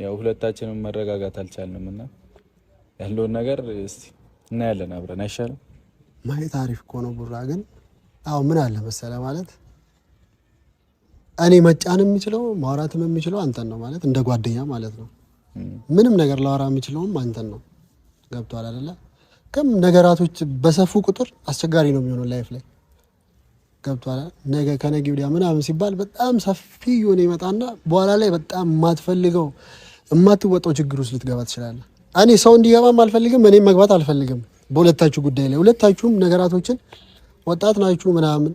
ያው ሁለታችንም መረጋጋት አልቻልንም እና ያለውን ነገር እስቲ እናያለን አብረን አይሻልም? ማየት አሪፍ እኮ ነው ቡራ። ግን አው ምን አለ መሰለ ማለት እኔ መጫን የሚችለው ማውራትም የሚችለው አንተን ነው ማለት እንደ ጓደኛ ማለት ነው። ምንም ነገር ላወራ የሚችለውም አንተን ነው። ገብቷል አይደለ? ነገራቶች በሰፉ ቁጥር አስቸጋሪ ነው የሚሆነው ላይፍ ላይ ገብቷል። ነገ ከነገ ወዲያ ምናምን ሲባል በጣም ሰፊ የሆነ ይመጣና በኋላ ላይ በጣም የማትፈልገው የማትወጣው ችግር ውስጥ ልትገባ ትችላለ። እኔ ሰው እንዲገባም አልፈልግም፣ እኔም መግባት አልፈልግም። በሁለታችሁ ጉዳይ ላይ ሁለታችሁም ነገራቶችን ወጣት ናችሁ ምናምን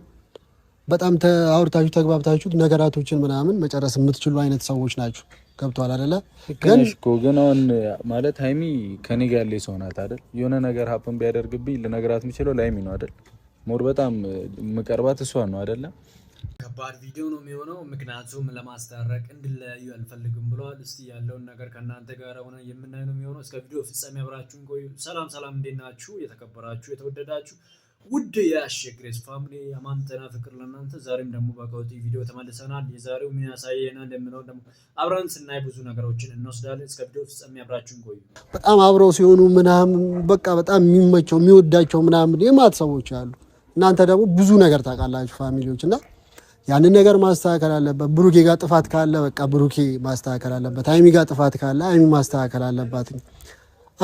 በጣም አውርታችሁ ተግባብታችሁ ነገራቶችን ምናምን መጨረስ የምትችሉ አይነት ሰዎች ናችሁ። ገብቷል አደለ? ግን አሁን ማለት ሀይሚ ከኔ ጋር ያለ ሰው ናት አደል? የሆነ ነገር ሀፕን ቢያደርግብኝ ልነግራት የምችለው ለሀይሚ ነው አደል? ሞር በጣም የምቀርባት እሷን ነው አይደለም። ከባድ ቪዲዮ ነው የሚሆነው፣ ምክንያቱም ለማስታረቅ እንድለያዩ አልፈልግም ብለዋል። እስቲ ያለውን ነገር ከእናንተ ጋር ሆነ የምናየ ነው የሚሆነው። እስከ ቪዲዮ ፍጻሜ አብራችሁን ቆዩ። ሰላም ሰላም፣ እንዴት ናችሁ? የተከበራችሁ የተወደዳችሁ ውድ የአሸግሬስ ፋሚሊ አማን ፍቅር ለእናንተ። ዛሬም ደግሞ በቀውጢ ቪዲዮ ተመልሰናል። የዛሬው ምን ያሳየናል የምለው ደግሞ አብረን ስናይ ብዙ ነገሮችን እንወስዳለን። እስከ ቪዲዮ ፍጻሜ አብራችሁን ቆዩ። በጣም አብረው ሲሆኑ ምናምን በቃ በጣም የሚመቸው የሚወዳቸው ምናምን የማት ሰዎች አሉ እናንተ ደግሞ ብዙ ነገር ታውቃላችሁ ፋሚሊዎች እና ያንን ነገር ማስተካከል አለበት። ብሩኬ ጋር ጥፋት ካለ በቃ ብሩኬ ማስተካከል አለበት። አይሚ ጋር ጥፋት ካለ አይሚ ማስተካከል አለባት።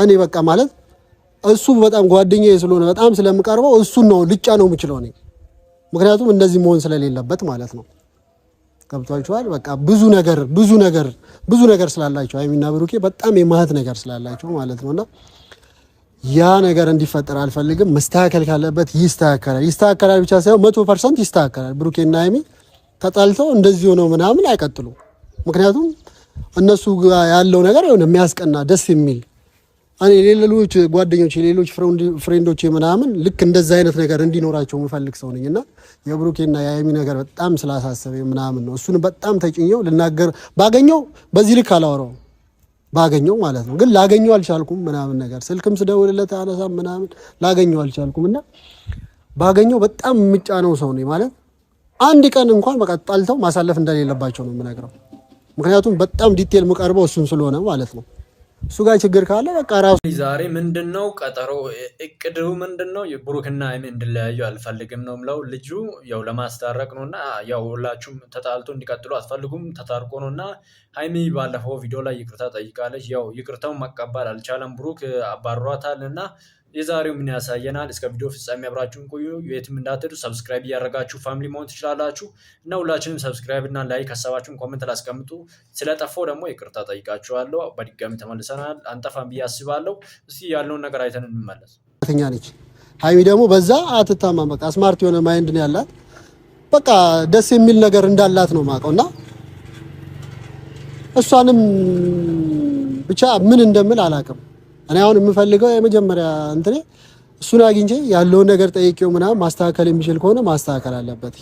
እኔ በቃ ማለት እሱ በጣም ጓደኛዬ ስለሆነ በጣም ስለምቀርበው እሱን ነው ልጫ ነው የምችለው እኔ ምክንያቱም እንደዚህ መሆን ስለሌለበት ማለት ነው። ገብቷችኋል? በቃ ብዙ ነገር ብዙ ነገር ብዙ ነገር ስላላቸው አይሚና ብሩኬ በጣም የማህት ነገር ስላላቸው ማለት ነውና ያ ነገር እንዲፈጠር አልፈልግም። መስተካከል ካለበት ይስተካከላል። ይስተካከላል ብቻ ሳይሆን መቶ ፐርሰንት ይስተካከላል። ብሩኬና ሀይሚ ተጣልተው እንደዚህ ሆነው ምናምን አይቀጥሉ። ምክንያቱም እነሱ ያለው ነገር የሆነ የሚያስቀና ደስ የሚል እኔ ሌሎች ጓደኞች ሌሎች ፍሬንዶች ምናምን ልክ እንደዛ አይነት ነገር እንዲኖራቸው የምፈልግ ሰው ነኝ እና የብሩኬና የሀይሚ ነገር በጣም ስላሳሰበ ምናምን ነው። እሱን በጣም ተጭኘው ልናገር ባገኘው በዚህ ልክ አላወራውም ባገኘው ማለት ነው። ግን ላገኘው አልቻልኩም ምናምን ነገር ስልክም ስደውልለት አነሳም ምናምን ላገኘው አልቻልኩም። እና ባገኘው በጣም የምጫነው ሰው ነው ማለት አንድ ቀን እንኳን በቃ ጣልተው ማሳለፍ እንደሌለባቸው ነው የምነግረው። ምክንያቱም በጣም ዲቴል የምቀርበው እሱን ስለሆነ ማለት ነው። እሱ ጋር ችግር ካለ በቃ ራሱ ዛሬ ምንድን ነው ቀጠሮ እቅዱ ምንድን ነው? ብሩክና ሀይሚ እንድለያዩ አልፈልግም ነው ምለው። ልጁ ያው ለማስታረቅ ነው እና ያው ሁላችሁም ተጣልቶ እንዲቀጥሉ አትፈልጉም፣ ተታርቆ ነው እና ሀይሚ ባለፈው ቪዲዮ ላይ ይቅርታ ጠይቃለች። ያው ይቅርታው መቀበል አልቻለም፣ ብሩክ አባሯታል እና የዛሬው ምን ያሳየናል? እስከ ቪዲዮ ፍጻሜ አብራችሁን ቆዩ። የትም እንዳትሄዱ ሰብስክራይብ እያደረጋችሁ ፋሚሊ መሆን ትችላላችሁ እና ሁላችንም ሰብስክራይብ እና ላይክ ሀሳባችሁን ኮመንት ላስቀምጡ። ስለጠፋው ደግሞ ይቅርታ ጠይቃችኋለሁ። በድጋሚ ተመልሰናል። አንጠፋም ብዬ አስባለሁ። እስቲ ያለውን ነገር አይተን እንመለስ። ተኛ ነች ሀይሚ ደግሞ በዛ አትታማም። በቃ ስማርት የሆነ ማይንድ ነው ያላት። በቃ ደስ የሚል ነገር እንዳላት ነው የማውቀው እና እሷንም ብቻ ምን እንደምል አላውቅም። እኔ አሁን የምፈልገው የመጀመሪያ እንትኔ እሱን አግኝቼ ያለውን ነገር ጠይቄው ምናምን ማስተካከል የሚችል ከሆነ ማስተካከል አለበት።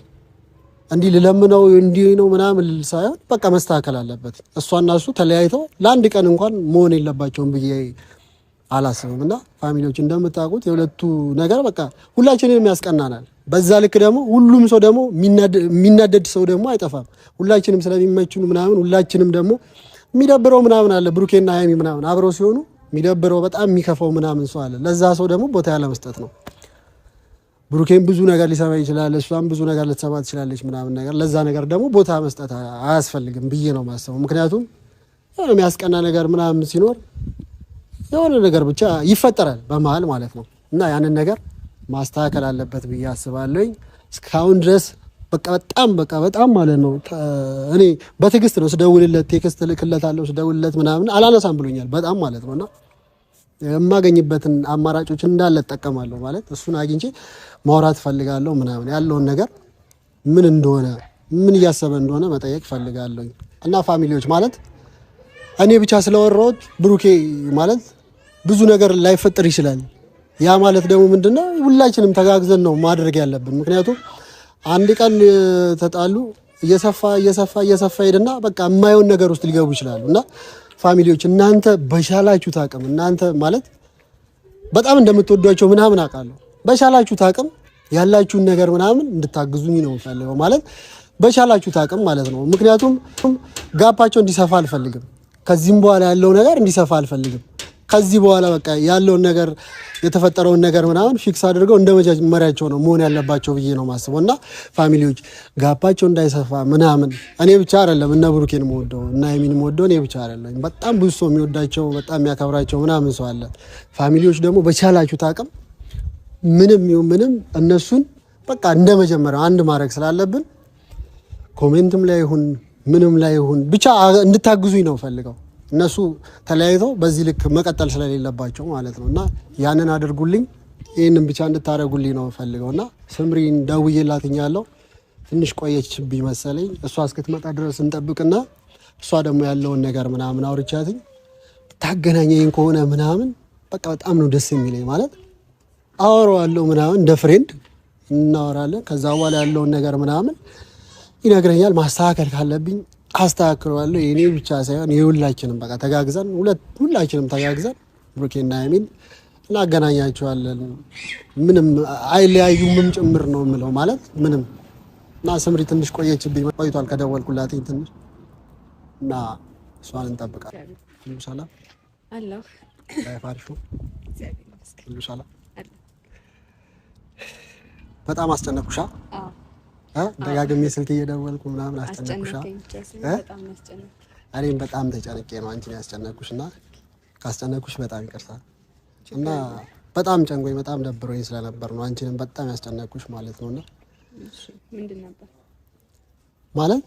እንዲህ ልለምነው እንዲህ ነው ምናምን ሳይሆን በቃ መስተካከል አለበት። እሷና እሱ ተለያይተው ለአንድ ቀን እንኳን መሆን የለባቸውም ብዬ አላስብም። እና ፋሚሊዎች እንደምታውቁት የሁለቱ ነገር በቃ ሁላችንም ያስቀናናል። በዛ ልክ ደግሞ ሁሉም ሰው ደግሞ የሚናደድ ሰው ደግሞ አይጠፋም። ሁላችንም ስለሚመቹ ምናምን ሁላችንም ደግሞ የሚደብረው ምናምን አለ። ብሩኬና ሀይሚ ምናምን አብረው ሲሆኑ የሚደብረው በጣም የሚከፋው ምናምን ሰው አለ። ለዛ ሰው ደግሞ ቦታ ያለመስጠት ነው። ብሩኬን ብዙ ነገር ሊሰማ ይችላል፣ እሷም ብዙ ነገር ልትሰማ ትችላለች ምናምን ነገር። ለዛ ነገር ደግሞ ቦታ መስጠት አያስፈልግም ብዬ ነው ማሰቡ። ምክንያቱም የሆነ የሚያስቀና ነገር ምናምን ሲኖር የሆነ ነገር ብቻ ይፈጠራል በመሀል ማለት ነው። እና ያንን ነገር ማስተካከል አለበት ብዬ አስባለኝ። እስካሁን ድረስ በቃ በጣም በቃ በጣም ማለት ነው። እኔ በትዕግስት ነው ስደውልለት፣ ቴክስት ልክለት አለው ስደውልለት ምናምን አላነሳም ብሎኛል በጣም ማለት ነው እና የማገኝበትን አማራጮች እንዳለ እጠቀማለሁ። ማለት እሱን አግኝቼ ማውራት ፈልጋለሁ። ምናምን ያለውን ነገር ምን እንደሆነ ምን እያሰበ እንደሆነ መጠየቅ ፈልጋለሁ። እና ፋሚሊዎች ማለት እኔ ብቻ ስለወራሁት ብሩኬ ማለት ብዙ ነገር ላይፈጥር ይችላል። ያ ማለት ደግሞ ምንድነው ሁላችንም ተጋግዘን ነው ማድረግ ያለብን። ምክንያቱም አንድ ቀን ተጣሉ እየሰፋ እየሰፋ እየሰፋ ሄድና በቃ የማየውን ነገር ውስጥ ሊገቡ ይችላሉ እና ፋሚሊዎች እናንተ በሻላችሁ አቅም እናንተ ማለት በጣም እንደምትወዷቸው ምናምን አውቃለሁ። በሻላችሁ አቅም ያላችሁን ነገር ምናምን እንድታግዙኝ ነው የምፈልገው ማለት በሻላችሁት አቅም ማለት ነው። ምክንያቱም ጋፓቸው እንዲሰፋ አልፈልግም። ከዚህም በኋላ ያለው ነገር እንዲሰፋ አልፈልግም። ከዚህ በኋላ በቃ ያለውን ነገር የተፈጠረውን ነገር ምናምን ፊክስ አድርገው እንደ መጀመሪያቸው ነው መሆን ያለባቸው ብዬ ነው ማስበው እና ፋሚሊዎች ጋፓቸው እንዳይሰፋ ምናምን። እኔ ብቻ አይደለም እነ ብሩኬን የምወደው እና የሚን የምወደው እኔ ብቻ አይደለም። በጣም ብዙ ሰው የሚወዳቸው በጣም የሚያከብራቸው ምናምን ሰው አለ። ፋሚሊዎች ደግሞ በቻላችሁት አቅም ምንም ይሁን ምንም እነሱን በቃ እንደ መጀመሪያው አንድ ማድረግ ስላለብን ኮሜንትም ላይ ይሁን ምንም ላይ ይሁን ብቻ እንድታግዙኝ ነው ፈልገው እነሱ ተለያይተው በዚህ ልክ መቀጠል ስለሌለባቸው ማለት ነው እና ያንን አድርጉልኝ፣ ይህንን ብቻ እንድታደርጉልኝ ነው ፈልገው እና ስምሪ ደውዬላትኝ ያለው ትንሽ ቆየችብኝ መሰለኝ። እሷ እስክትመጣ ድረስ እንጠብቅና እሷ ደግሞ ያለውን ነገር ምናምን አውርቻትኝ ታገናኘኝ ከሆነ ምናምን በቃ በጣም ነው ደስ የሚለኝ ማለት አወራዋለሁ ምናምን እንደ ፍሬንድ እናወራለን። ከዛ በኋላ ያለውን ነገር ምናምን ይነግረኛል። ማስተካከል ካለብኝ አስተካክለዋለሁ። የእኔ ብቻ ሳይሆን የሁላችንም በቃ ተጋግዘን ሁላችንም ተጋግዘን ብሩኬና ሀይሚን እናገናኛቸዋለን። ምንም አይለያዩምም ጭምር ነው የምለው ማለት ምንም እና ስምሪ ትንሽ ቆየችብኝ፣ ቆይቷል ከደወልኩላት ትንሽ እና እሷን እንጠብቃለን። ሁሉ ሰላም አለሁ። ሁሉ ሰላም። በጣም አስጨነቅኩሻ። ደጋግሜ ስልክ እየደወልኩ ምናምን አስጨነቅኩሻ። እኔም በጣም ተጨንቄ ነው አንቺን ያስጨነቅኩሽ እና ካስጨነቅኩሽ በጣም ይቅርታ እና በጣም ጨንጎኝ በጣም ደብሮኝ ስለነበር ነው አንቺንም በጣም ያስጨነቅኩሽ ማለት ነው። እና ማለት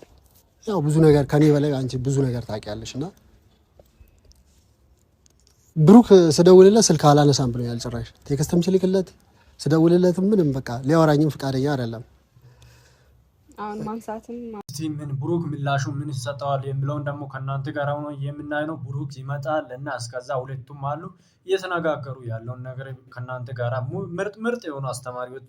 ያው ብዙ ነገር ከኔ በላይ አንቺ ብዙ ነገር ታውቂያለሽ እና ብሩክ ስደውልለት ስልክ አላነሳም ብሎኛል። ጭራሽ ቴክስትም ስልክለት ስደውልለት ምንም በቃ ሊያወራኝም ፈቃደኛ አይደለም። አሁን ማንሳትም እስቲ ምን ብሩክ ምላሹ ምን ይሰጠዋል የሚለውን ደግሞ ከእናንተ ጋር ሆኖ የምናይ ነው። ብሩክ ይመጣል እና እስከዛ ሁለቱም አሉ እየተነጋገሩ ያለውን ነገር ከእናንተ ጋር ምርጥ ምርጥ የሆኑ አስተማሪዎች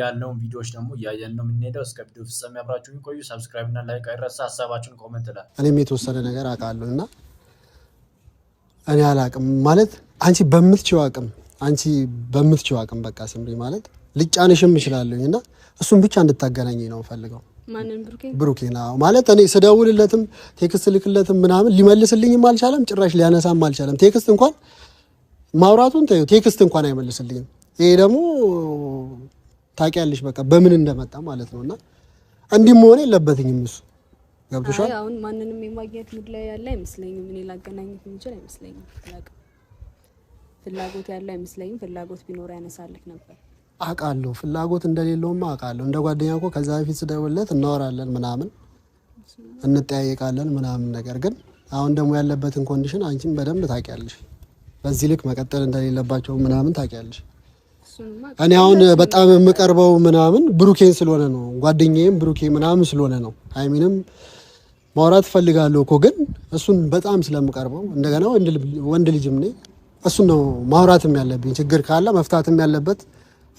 ያለውን ቪዲዮዎች ደግሞ እያየን ነው የምንሄደው። እስከ ቪዲዮ ፍጻሜ አብራችሁ ቆዩ። ሰብስክራይብ እና ላይክ አይረሳ። ሀሳባችሁን ኮመንት ላይ እኔም የተወሰነ ነገር አውቃለሁ እና እኔ አላቅም ማለት አንቺ በምትችው አቅም አንቺ በምትችው አቅም በቃ ስምሪ ማለት ልጫንሽም እችላለሁ እና እሱን ብቻ እንድታገናኝ ነው ፈልገው ብሩኬ ነው ማለት እኔ ስደውልለትም ቴክስት ልክለትም ምናምን ሊመልስልኝም አልቻለም፣ ጭራሽ ሊያነሳም አልቻለም። ቴክስት እንኳን ማውራቱን ተይው፣ ቴክስት እንኳን አይመልስልኝም። ይሄ ደግሞ ታውቂያለሽ፣ በቃ በምን እንደመጣ ማለት ነው። እና እንዲህ መሆን የለበትኝም እሱ ገብቶሻል። አሁን ማንንም የማግኘት ሙድ ላይ ያለ አይመስለኝም። እኔ ላገናኘት የምችል አይመስለኝም። ፍላጎት ያለ አይመስለኝም። ፍላጎት ቢኖር ያነሳልክ ነበር አውቃለሁ። ፍላጎት እንደሌለውማ አውቃለሁ። እንደ ጓደኛ እኮ ከዛ በፊት ስደውለት እናወራለን ምናምን እንጠያየቃለን ምናምን። ነገር ግን አሁን ደግሞ ያለበትን ኮንዲሽን አንቺም በደንብ ታውቂያለሽ። በዚህ ልክ መቀጠል እንደሌለባቸው ምናምን ታውቂያለሽ። እኔ አሁን በጣም የምቀርበው ምናምን ብሩኬን ስለሆነ ነው፣ ጓደኛዬም ብሩኬ ምናምን ስለሆነ ነው። ሀይሚንም ማውራት እፈልጋለሁ እኮ ግን እሱን በጣም ስለምቀርበው እንደገና ወንድ ልጅም እኔ እሱን ነው ማውራትም ያለብኝ ችግር ካለ መፍታትም ያለበት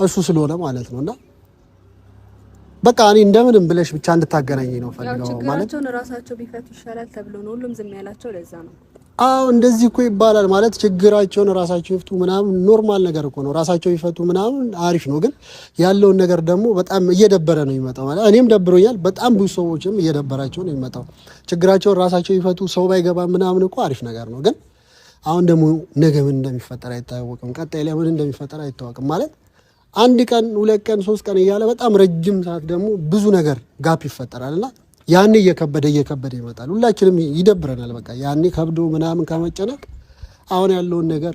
እሱ ስለሆነ ማለት ነው እና በቃ እኔ እንደምንም ብለሽ ብቻ እንድታገናኝ ነው ፈልገው ማለት ችግራቸውን ራሳቸው ቢፈቱ ይሻላል ተብሎ ነው ሁሉም ዝም ያላቸው። ለዛ ነው። አዎ እንደዚህ እኮ ይባላል ማለት ችግራቸውን ራሳቸው ይፍቱ ምናምን ኖርማል ነገር እኮ ነው። ራሳቸው ይፈቱ ምናምን አሪፍ ነው። ግን ያለውን ነገር ደግሞ በጣም እየደበረ ነው የሚመጣው። ማለት እኔም ደብሮኛል። በጣም ብዙ ሰዎችም እየደበራቸው ነው የሚመጣው። ችግራቸውን ራሳቸው ይፈቱ ሰው ባይገባ ምናምን እኮ አሪፍ ነገር ነው። ግን አሁን ደግሞ ነገ ምን እንደሚፈጠር አይታወቅም። ቀጣይ ላይ ምን እንደሚፈጠር አይታወቅም ማለት አንድ ቀን ሁለት ቀን ሶስት ቀን እያለ በጣም ረጅም ሰዓት ደግሞ ብዙ ነገር ጋፕ ይፈጠራል እና ያኔ እየከበደ እየከበደ ይመጣል። ሁላችንም ይደብረናል። በቃ ያኔ ከብዶ ምናምን ከመጨነቅ አሁን ያለውን ነገር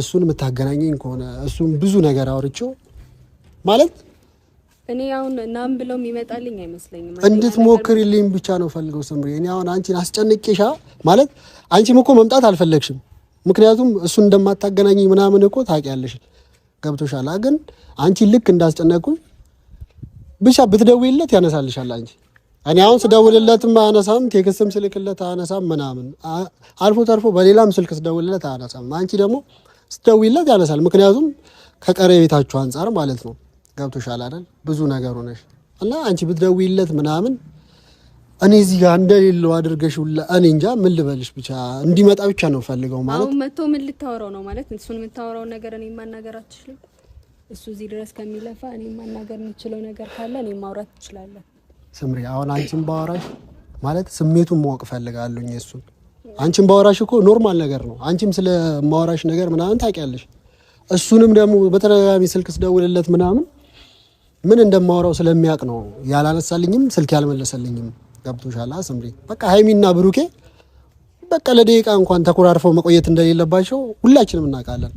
እሱን የምታገናኘኝ ከሆነ እሱን ብዙ ነገር አውርቼው ማለት እኔ አሁን ናም ብለውም ይመጣልኝ አይመስለኝም። እንድትሞክሪልኝ ብቻ ነው ፈልገው ስምሪ። እኔ አሁን አንቺን አስጨንቄሻ ማለት አንቺም እኮ መምጣት አልፈለግሽም። ምክንያቱም እሱን እንደማታገናኘኝ ምናምን እኮ ታውቂያለሽ። ገብቶሻል ግን አንቺ ልክ እንዳስጨነቁኝ ብቻ ብትደውይለት ያነሳልሻል። አንቺ እኔ አሁን ስደውልለትም አያነሳም፣ ቴክስትም ስልክለት አያነሳም ምናምን አልፎ ተርፎ በሌላም ስልክ ስደውልለት አያነሳም። አንቺ ደግሞ ስደውይለት ያነሳል። ምክንያቱም ከቀረ ከቀረቤታችሁ አንጻር ማለት ነው። ገብቶሻል አይደል? ብዙ ነገር ሆነሽ እና አንቺ ብትደውይለት ምናምን እኔ እዚህ ጋር እንደሌለው አድርገሽ ሁላ እኔ እንጃ ምን ልበልሽ። ብቻ እንዲመጣ ብቻ ነው ፈልገው ማለት አሁን መጥቶ ምን ልታወራው ነው ማለት እሱን የምታወራው ነገር እኔ ማናገር አትችልም። እሱ እዚህ ድረስ ከሚለፋ እኔ ማናገር የምችለው ነገር ካለ እኔ ማውራት ትችላለን። ስምሪ አሁን አንቺን ባወራሽ ማለት ስሜቱን ማወቅ ፈልጋለሁኝ። እሱን አንቺን ባወራሽ እኮ ኖርማል ነገር ነው። አንቺም ስለ ማወራሽ ነገር ምናምን ታውቂያለሽ። እሱንም ደግሞ በተደጋጋሚ ስልክ ስደውልለት ምናምን ምን እንደማወራው ስለሚያውቅ ነው ያላነሳልኝም፣ ስልክ ያልመለሰልኝም ገብቶሻል ስምሪ። በቃ ሀይሚና ብሩኬ በቃ ለደቂቃ እንኳን ተኮራርፈው መቆየት እንደሌለባቸው ሁላችንም እናውቃለን።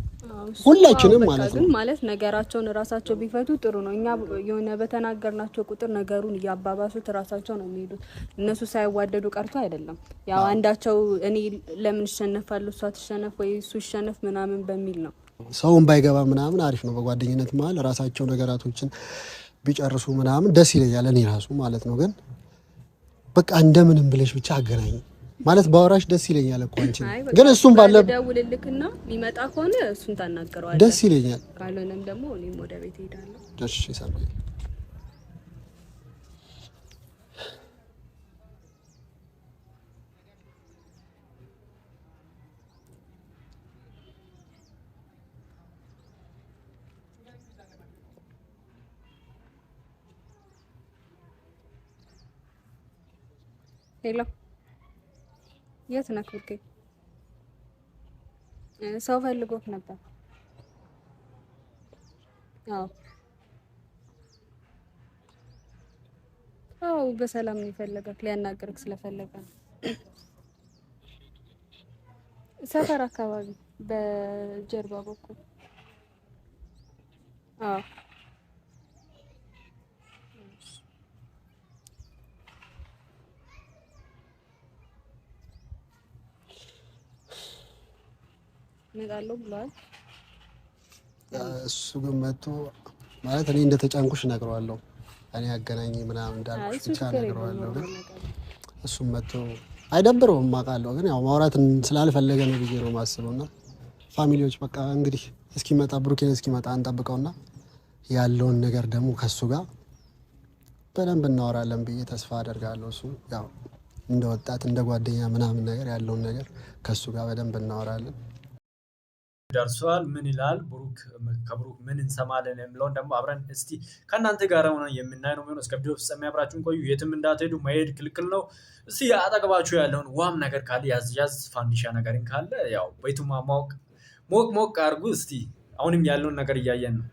ሁላችንም ማለት ነው። ማለት ነገራቸውን ራሳቸው ቢፈቱ ጥሩ ነው። እኛ የሆነ በተናገርናቸው ቁጥር ነገሩን እያባባሱት ራሳቸው ነው የሚሄዱት። እነሱ ሳይዋደዱ ቀርቶ አይደለም። ያው አንዳቸው እኔ ለምን እሸነፋለሁ እሷ ትሸነፍ ወይ እሱ ይሸነፍ ምናምን በሚል ነው። ሰውን ባይገባ ምናምን አሪፍ ነው። በጓደኝነት መሀል ራሳቸው ነገራቶችን ቢጨርሱ ምናምን ደስ ይለኛል እኔ ራሱ ማለት ነው ግን በቃ እንደምንም ብለሽ ብቻ አገናኝ ማለት ባወራሽ ደስ ይለኛል እኮ አንቺ ግን እሱም ባለ ደውልልክና የሚመጣ ከሆነ እሱን ታናገረዋለህ። ደስ ይለኛል። ካልሆነም ደግሞ እኔም ወደ ቤት እሄዳለሁ። እሺ ሄሎ፣ የት ነህ? ብርጌ ሰው ፈልጎት ነበር። አዎ አዎ፣ በሰላም ነው የፈለገው። ሊያናገርክ ስለፈለገ ነው። ሰፈር አካባቢ በጀርባ በኩል አዎ እፈልጋለሁ ብለዋል። እሱ ግን መጥቶ ማለት እኔ ተጫንኩሽ እነግረዋለሁ። እኔ አገናኝ ምናምን እንዳልኩሽ ብቻ እነግረዋለሁ። ግን እሱም መጥቶ አይደብረውም አውቃለሁ። ግን ያው ማውራት ስላልፈለገ ነው ብዬ ነው የማስበው። እና ፋሚሊዎች በቃ እንግዲህ እስኪመጣ ብሩኬን እስኪመጣ እንጠብቀውና ያለውን ነገር ደግሞ ከሱ ጋር በደንብ እናወራለን ብዬ ተስፋ አደርጋለሁ። እሱ ያው እንደ ወጣት እንደ ጓደኛ ምናምን ነገር ያለውን ነገር ከሱ ጋር በደንብ እናወራለን። ደርሷል። ምን ይላል ብሩክ? ከብሩክ ምን እንሰማለን የሚለውን ደግሞ አብረን እስቲ ከእናንተ ጋር ሆነ የምናይ ነው እስከ ቪዲዮ ፍጻሜ አብራችሁን ቆዩ። የትም እንዳትሄዱ፣ መሄድ ክልክል ነው። እስቲ አጠገባችሁ ያለውን ዋም ነገር ካለ ያዝ ያዝ፣ ፋንዲሻ ነገርን ካለ ያው ቤቱማ ማወቅ ሞቅ ሞቅ አድርጉ። እስቲ አሁንም ያለውን ነገር እያየን ነው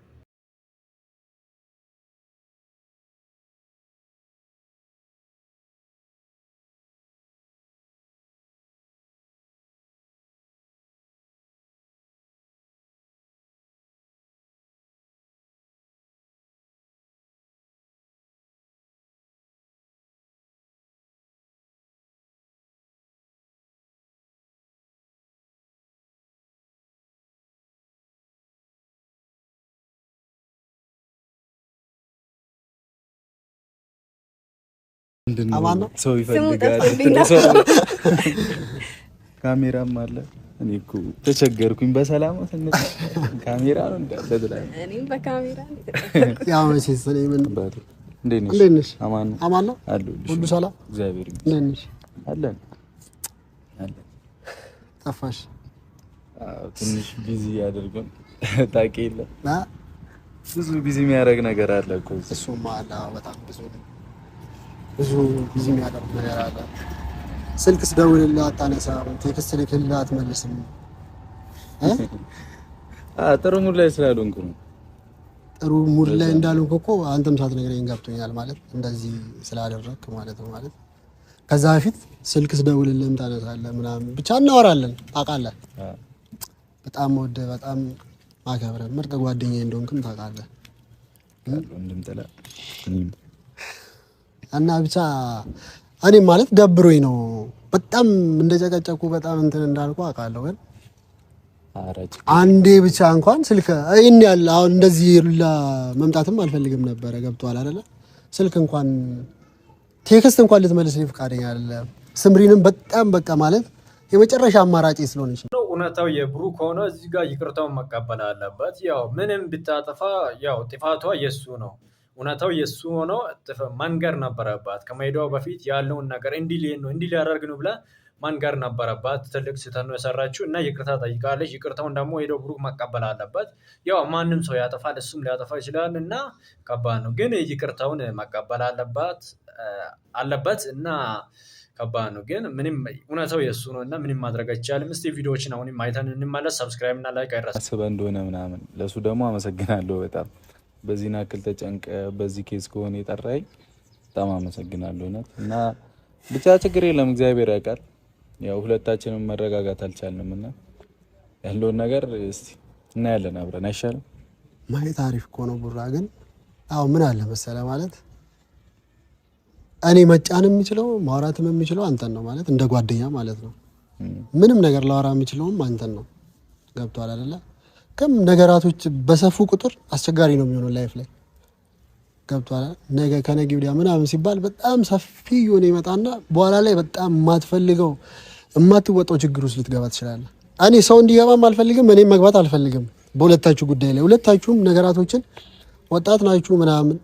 ምንድነው ሰው ይፈልጋል። ካሜራም አለ። እኔ እኮ ተቸገርኩኝ። በሰላም ካሜራ ነው እንዳለ ትላለህ። እኔም በካሜራ ያው ጠፋሽ። ትንሽ ቢዚ አድርጎን ታውቂ የለ ብዙ ቢዚ የሚያደርግ ነገር አለ እኮ እሱማ አለ በጣም ብዙ ብዙ ጊዜ የሚያደርጉ ነገር አለ። ስልክ ስደውልልህ አታነሳም፣ ቴክስት ልክልህ አትመልስም። ጥሩ ሙድ ላይ ስላልሆንኩ ነው። ጥሩ ሙድ ላይ እንዳልሆንኩ እኮ አንተም ሳትነግረኝ ገብቶኛል። ማለት እንደዚህ ስላደረግክ ማለት ነው። ማለት ከዛ በፊት ስልክ ስደውልልህም ታነሳለህ ምናምን፣ ብቻ እናወራለን። ታውቃለህ፣ በጣም ወደህ በጣም ማከብረህ ምርጥ ጓደኛዬ እንደሆንክም ታውቃለህ። እና ብቻ እኔ ማለት ደብሮኝ ነው በጣም እንደጨቀጨቁ በጣም እንትን እንዳልኩ አውቃለሁ። ግን አንዴ ብቻ እንኳን ስልክ ይህን ያለ አሁን እንደዚህ ሉላ መምጣትም አልፈልግም ነበረ። ገብቶሃል አይደለ? ስልክ እንኳን ቴክስት እንኳን ልትመልስልኝ ፈቃደኛ አይደለም። ስምሪንም በጣም በቃ ማለት የመጨረሻ አማራጭ ስለሆነች ነው። እውነታው የብሩ ከሆነ እዚህ ጋር ይቅርታውን መቀበል አለበት። ያው ምንም ብታጠፋ ያው ጥፋቷ የሱ ነው። እውነታው የእሱ ሆኖ መንገር ነበረባት። ከመሄዷ በፊት ያለውን ነገር እንዲህ ነው እንዲህ ሊያደርግ ነው ብላ መንገር ነበረባት። ትልቅ ስህተት ነው የሰራችው እና ይቅርታ ጠይቃለች። ይቅርታውን ደግሞ ሄደው ብሩክ መቀበል አለበት። ያው ማንም ሰው ያጠፋል፣ እሱም ሊያጠፋ ይችላል እና ከባድ ነው። ግን ይቅርታውን መቀበል አለባት አለበት እና ከባድ ነው። ግን ምንም እውነታው የእሱ ነው እና ምንም ማድረግ አይቻልም። እስኪ ቪዲዮዎችን አሁንም አይተን እንመለስ። ሰብስክራይብ እና ላይክ አይረሳ። ስበ እንደሆነ ምናምን ለእሱ ደግሞ አመሰግናለሁ በጣም በዚህን አክል ተጨንቀ በዚህ ኬስ ከሆነ የጠራኝ በጣም አመሰግናለሁ እውነት። እና ብቻ ችግር የለም እግዚአብሔር ያውቃል። ያው ሁለታችንም መረጋጋት አልቻልንም እና ያለውን ነገር እስቲ እናያለን አብረን አይሻልም? ማየት አሪፍ እኮ ነው ቡራ። ግን አዎ ምን አለ መሰለ ማለት እኔ መጫን የሚችለው ማውራትም የሚችለው አንተን ነው ማለት እንደ ጓደኛ ማለት ነው። ምንም ነገር ላወራ የሚችለውም አንተን ነው። ገብቷል አይደለ? ከም ነገራቶች በሰፉ ቁጥር አስቸጋሪ ነው የሚሆነው ላይፍ ላይ ገብቷል። ነገ ከነገ ወዲያ ምናምን ሲባል በጣም ሰፊ የሆነ ይመጣና በኋላ ላይ በጣም የማትፈልገው የማትወጣው ችግር ውስጥ ልትገባ ትችላለህ። እኔ ሰው እንዲገባም አልፈልግም፣ እኔም መግባት አልፈልግም። በሁለታችሁ ጉዳይ ላይ ሁለታችሁም ነገራቶችን ወጣት ናችሁ ምናምን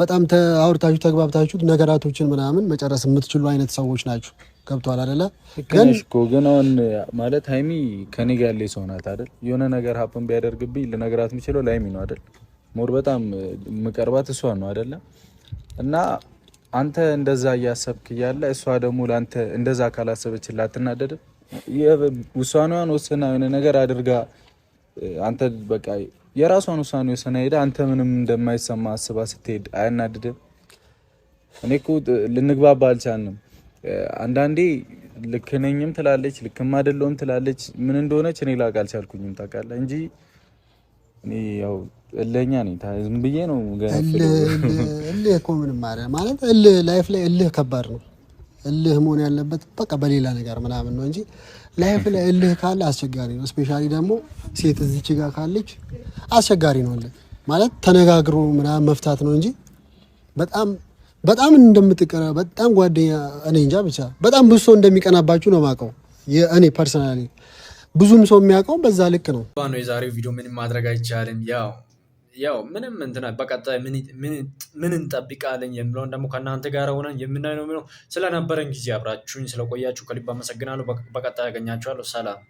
በጣም አውርታችሁ ተግባብታችሁ ነገራቶችን ምናምን መጨረስ የምትችሉ አይነት ሰዎች ናችሁ። ገብቷል አይደለ? ግን ግን አሁን ማለት ሀይሚ ከኔ ጋር ያለ ሰው ናት አይደል? የሆነ ነገር ሀፕን ቢያደርግብኝ ልነግራት የምችለው ለሀይሚ ነው አይደል? ሞር በጣም የምቀርባት እሷ ነው አይደለ? እና አንተ እንደዛ እያሰብክ እያለ እሷ ደግሞ ለአንተ እንደዛ ካላሰበችልህ አትናደድም? ውሳኔዋን ወስና የሆነ ነገር አድርጋ አንተ በቃ የራሷን ውሳኔ ወስና ሄደ አንተ ምንም እንደማይሰማ አስባ ስትሄድ አያናድድም? እኔ እኮ ልንግባባ አልቻልንም። አንዳንዴ ልክ ነኝም ትላለች፣ ልክም አይደለሁም ትላለች። ምን እንደሆነች እኔ ላውቅ አልቻልኩኝም። ታውቃለህ እንጂ እኔ ያው እልህኛ ነኝ። ዝም ብዬ ነው እልህ እኮ ምንም ማለ ማለት እልህ ላይፍ ላይ እልህ ከባድ ነው። እልህ መሆን ያለበት በቃ በሌላ ነገር ምናምን ነው እንጂ ላይፍ ላይ እልህ ካለ አስቸጋሪ ነው። እስፔሻሊ ደግሞ ሴት እዚች ጋ ካለች አስቸጋሪ ነው። እልህ ማለት ተነጋግሮ ምናምን መፍታት ነው እንጂ በጣም በጣም እንደምትቀና በጣም ጓደኛ እኔ እንጃ ብቻ በጣም ብዙ ሰው እንደሚቀናባችሁ ነው የማውቀው። እኔ ፐርሰናሊ ብዙም ሰው የሚያውቀው በዛ ልክ ነው። የዛሬው ቪዲዮ ምንም ማድረግ አይቻልም። ያው ያው ምንም እንትና በቀጣይ ምን እንጠብቃለን የሚለውን ደግሞ ከእናንተ ጋር ሆነን የምናይ ነው ስለነበረን ጊዜ አብራችሁኝ ስለቆያችሁ ከልብ አመሰግናለሁ። በቀጣይ ያገኛችኋለሁ። ሰላም